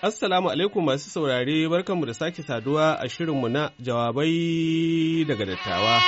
Assalamu alaikum masu saurare barkanmu da sake saduwa a shirinmu na jawabai daga dattawa.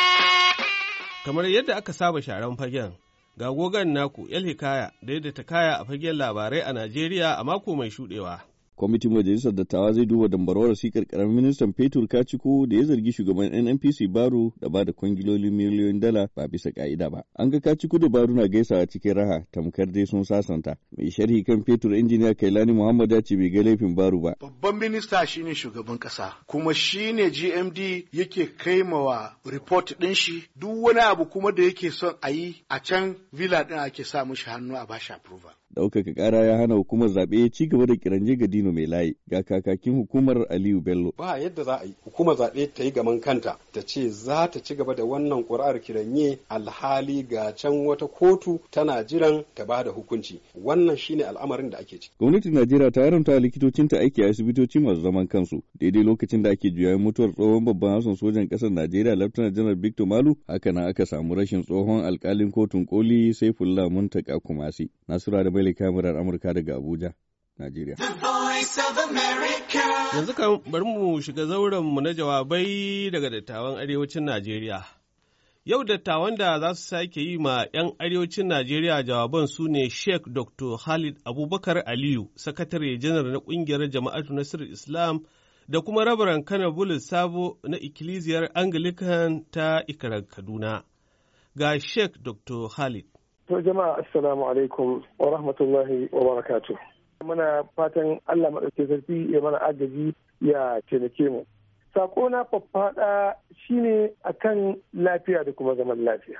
Kamar yadda aka saba sharan fagen, ga gogan naku El Hikaya da yadda ta kaya a fagen labarai a Najeriya a mako mai shuɗewa. kwamitin majalisar dattawa zai duba dambarwar wasikar karamin ministan fetur kaciko da ya zargi shugaban nnpc baro da ba da kwangilolin miliyoyin dala ba bisa ka'ida ba an ga kaciko da baro na gaisawa cikin raha tamkar dai sun sasanta mai sharhi kan fetur injiniya kailani muhammad ya ce bai ga laifin baro ba babban minista shine shugaban kasa kuma shi ne gmd yake kai kaimawa report din shi duk wani abu kuma da yake son a yi a can villa din ake sa mushi hannu a bashi approval ɗaukaka kara ya hana hukumar zaɓe ci gaba da kiranje ga dino mai layi ga kakakin hukumar aliyu bello ba yadda za a yi hukumar zaɓe ta yi gaman kanta ta ce za ta ci gaba da wannan ƙuri'ar kiranye alhali ga can wata kotu tana jiran ta ba da hukunci wannan shine al'amarin da ake ciki gwamnatin najeriya ta haramta likitocinta aiki a asibitoci masu zaman kansu daidai lokacin da ake juyayin mutuwar tsohon babban hausan sojan ƙasar najeriya laftanar janar victor malu haka na aka samu rashin tsohon alkalin kotun koli saifullah muntaka kumasi nasura da Malika kamarar Amurka daga Abuja, Najeriya. Yanzu kan bari mu shiga zauren mu na jawabai daga dattawan arewacin Najeriya. Yau dattawan da za su sake yi ma 'yan arewacin Najeriya jawaban su ne Sheikh Dr. Khalid Abubakar Aliyu, sakatare janar na ƙungiyar Jama'atu Nasiru Islam da kuma rabaran Kana Bulus Sabo na Ikkilisiyar Anglican ta Ikarar Kaduna. Ga Sheikh Dr. Khalid. To jama'a assalamu alaikum wa rahmatullahi wa barakatu. Muna fatan Allah maɗauke zarfi ya mana agaji ya taimake mu. Sako na faffaɗa shine akan lafiya da kuma zaman lafiya.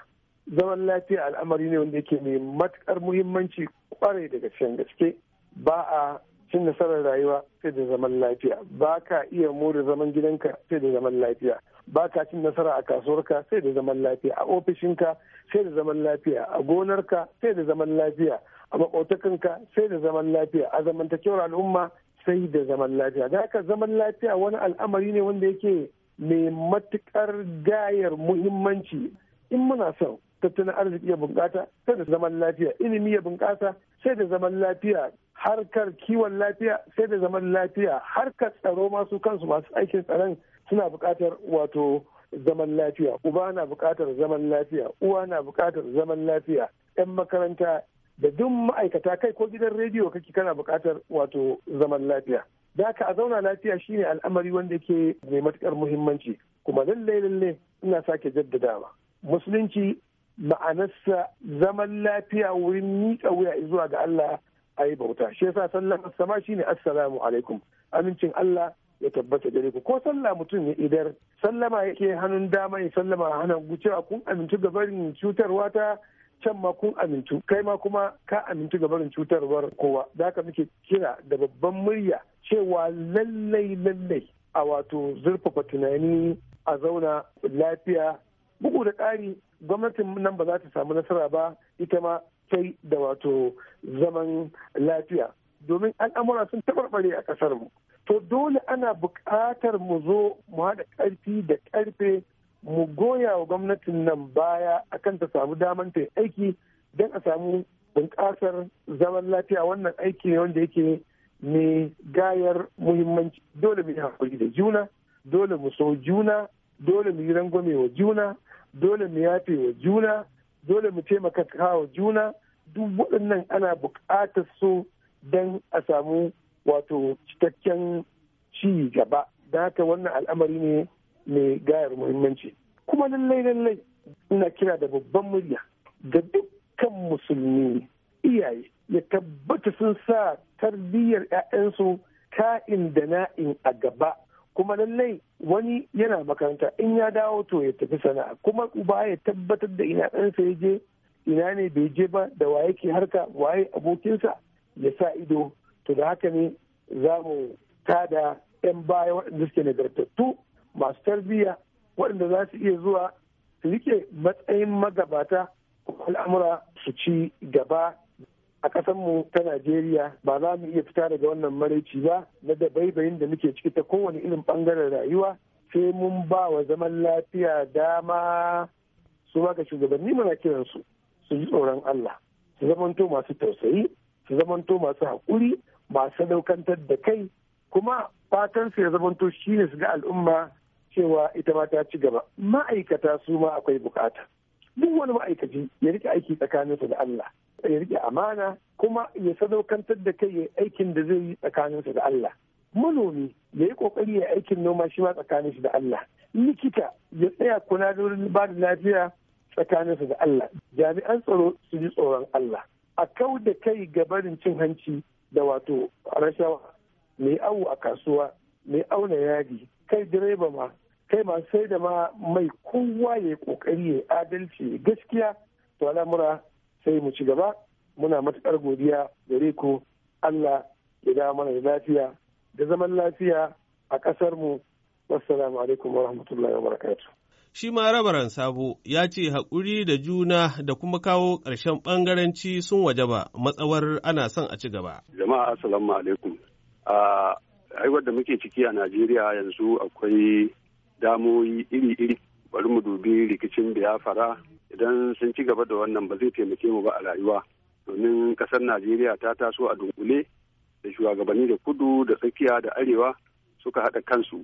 Zaman lafiya al'amari ne wanda yake mai matuƙar muhimmanci kwarai da gaske ba a cin nasarar rayuwa sai da zaman lafiya ba ka iya more zaman gidanka sai da zaman lafiya ba ka cin nasara a kasuwarka sai da zaman lafiya a ofishinka sai da zaman lafiya a gonarka sai da zaman lafiya a makotakanka sai da zaman lafiya a zamantakewar al'umma sai da zaman lafiya da haka zaman lafiya wani al'amari ne wanda yake mai matukar gayar muhimmanci in muna son tattalin arziki ya bunƙasa sai da zaman lafiya ilimi ya bunƙasa sai da zaman lafiya harkar kiwon lafiya sai da zaman lafiya harkar tsaro masu kansu masu aikin tsaron suna buƙatar wato zaman lafiya uba na buƙatar zaman lafiya uwa na buƙatar zaman lafiya 'yan makaranta da duk ma'aikata kai ko gidan rediyo kake kana buƙatar wato zaman lafiya da ka a zauna lafiya shine al'amari wanda ke mai matuƙar muhimmanci kuma lallai lallai ina sake jaddadawa musulunci ma'anarsa zaman lafiya wurin miƙa wuya zuwa ga Allah a yi bauta shi yasa sallah sama shine assalamu alaikum amincin Allah ya tabbata gare ku ko sallah mutum ya idar sallama yake hannun dama ya sallama hannun gucewa kun amintu ga cutarwa ta can ma kun amintu kai ma kuma ka amintu ga barin cutarwar kowa da ka muke kira da babban murya cewa lallai lallai a wato zurfafa tunani a zauna lafiya bugu da ƙari gwamnatin nan ba za ta samu nasara ba ita ma sai da wato zaman lafiya domin al'amura sun tabarbare a ƙasar mu to dole ana buƙatar mu zo mu haɗa ƙarfi da ƙarfe mu goya wa gwamnatin nan baya akan ta samu daman ta aiki don a samu bunƙasar zaman lafiya wannan aiki ne wanda yake mai gayar muhimmanci dole mu yi haƙuri da juna dole mu so juna dole mu yi rangwame wa juna dole mu yafe wa juna dole mu taimaka wa juna duk waɗannan ana buƙatar so don a samu wato cikakken ci gaba da haka wannan al'amari ne mai gayar muhimmanci kuma lallai lallai ina kira da babban murya ga dukkan musulmi iyaye ya tabbata sun sa tarbiyyar 'ya'yansu ka'in da na'in a gaba kuma lallai wani yana makaranta in ya dawo to ya tafi sana'a kuma uba ya tabbatar da ina ɗansa ya je ina ne bai je ba da waye ke harka waye abokinsa ya sa ido to da haka ne za mu tada 'yan baya waɗanda suke nagartattu masu tarbiyya waɗanda za su iya zuwa su rike matsayin magabata al'amura su ci gaba a mu ta Najeriya ba za mu iya fita daga wannan maraici ba na da bai-bain da muke ciki ta kowane irin bangaren rayuwa sai mun ba wa zaman lafiya dama su ga shugabanni mana kiran su su ji tsoron Allah su zamanto masu tausayi su zamanto masu haƙuri masu daukantar da kai kuma fatan su ya zamanto shine su ga al'umma cewa ita ma ta ci gaba ma'aikata su ma akwai bukata duk wani ma'aikaci ya rike aiki tsakaninsa da Allah ya rike amana kuma ya sadaukantar da kai ya aikin da zai yi tsakaninsa da Allah manomi ya yi kokari ya aikin noma shi ma tsakaninsa da Allah likita ya tsaya kuna da wurin ba da lafiya tsakaninsa da Allah jami'an tsaro su ji tsoron Allah a kau da kai ga barin cin hanci da wato rashawa mai awo a kasuwa mai auna yadi kai direba ma kai masu sai da ma mai kowa ya kokari ya adalci gaskiya to al'amura sai mu ci gaba muna matuƙar godiya gare ku Allah ya da mana lafiya da zaman lafiya a ƙasar mu wassalamu alaikum wa rahmatullahi wa barakatuh shi ma rabaran sabo ya ce haƙuri da juna da kuma kawo ƙarshen ɓangaranci sun waje ba, matsawar ana son a ci gaba. Jama'a assalamu alaikum. A aiwar da muke ciki a Najeriya yanzu akwai damoyi iri-iri bari mu dubi rikicin biyafara idan sun ci gaba da wannan ba zai taimake mu ba a rayuwa domin kasar najeriya ta taso a dunkule da shugabanni da kudu da tsakiya da arewa suka haɗa kansu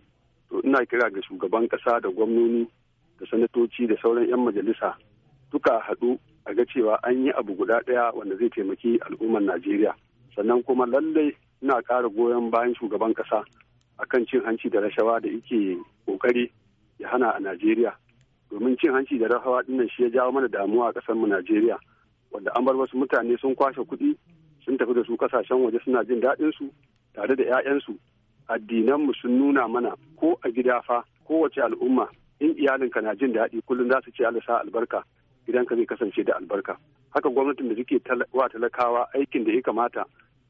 to ina kira ga shugaban ƙasa da gwamnoni da sanatoci da sauran 'yan majalisa duka haɗu a ga cewa an yi abu guda ɗaya wanda zai taimaki al'ummar najeriya sannan kuma lallai ina ƙara goyon bayan shugaban ƙasa akan cin hanci da rashawa da yake ƙoƙari ya hana a najeriya domin cin hanci da rahawa dinnan shi ya jawo mana damuwa a kasar mu Najeriya wanda an bar wasu mutane sun kwashe kuɗi sun tafi da su kasashen waje suna jin daɗin su tare da 'ya'yansu addinan mu sun nuna mana ko a gida fa kowace al'umma in iyalinka na jin daɗi kullum za su ce Allah sa albarka gidanka zai kasance da albarka haka gwamnatin da suke wa talakawa aikin da ya kamata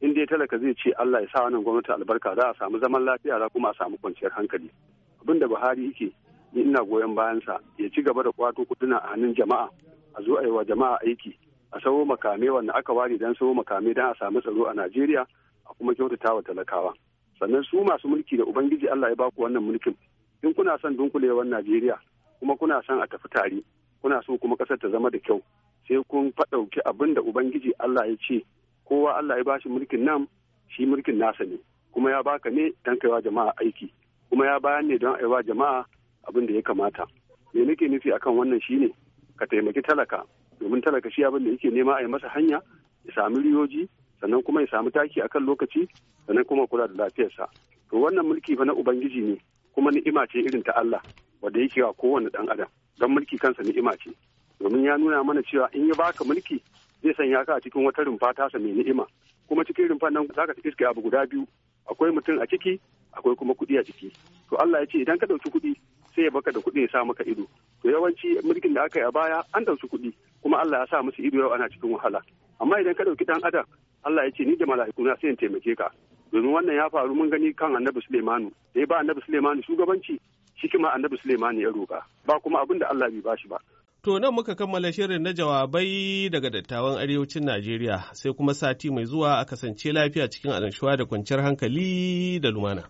in dai talaka zai ce Allah ya sa wannan gwamnati albarka za a samu zaman lafiya za kuma a samu kwanciyar hankali abinda Buhari yake ni ina goyon bayansa ya ci gaba da kwato kuduna a hannun jama'a a zo a yi wa jama'a aiki a sauro makame wanda aka ware don sauro makame don a samu tsaro a najeriya a kuma kyautata wa talakawa sannan su masu mulki da ubangiji allah ya baku wannan mulkin in kuna son dunkulewar najeriya kuma kuna son a tafi tare kuna so kuma kasar ta zama da kyau sai kun faɗauki abin da ubangiji allah ya ce kowa allah ya bashi mulkin nan shi mulkin nasa ne kuma ya baka ne don kaiwa jama'a aiki kuma ya bayan ne don aiwa jama'a abin da ya kamata me nake nufi akan wannan shine ka taimaki talaka domin talaka shi abin da yake nema a yi masa hanya ya sami riyoji sannan kuma ya sami taki akan lokaci sannan kuma kula da lafiyarsa to wannan mulki fa na ubangiji ne kuma ni'ima ce irin ta Allah wanda yake wa kowane dan adam don mulki kansa ni'ima ce domin ya nuna mana cewa in ya baka mulki zai sanya ka a cikin wata rumfa tasa mai ni'ima kuma cikin rumfan nan zaka ci iska abu guda biyu akwai mutum a ciki akwai kuma kudi a ciki to Allah ya ce idan ka dauki kudi. sai ya baka da kuɗi ya sa maka ido to yawanci mulkin da aka yi a baya an ɗauki kuɗi kuma Allah ya sa musu ido yau ana cikin wahala amma idan ka ɗauki ɗan adam Allah ya ce ni da mala'ikuna sai in taimake ka domin wannan ya faru mun gani kan annabi Suleimanu da ya ba annabi Suleimanu shugabanci shi kuma annabi Suleimanu ya roƙa ba kuma abin da Allah bai bashi ba To nan muka kammala shirin na jawabai daga dattawan arewacin Najeriya sai kuma sati mai zuwa a kasance lafiya cikin annashuwa da kwanciyar hankali da lumana.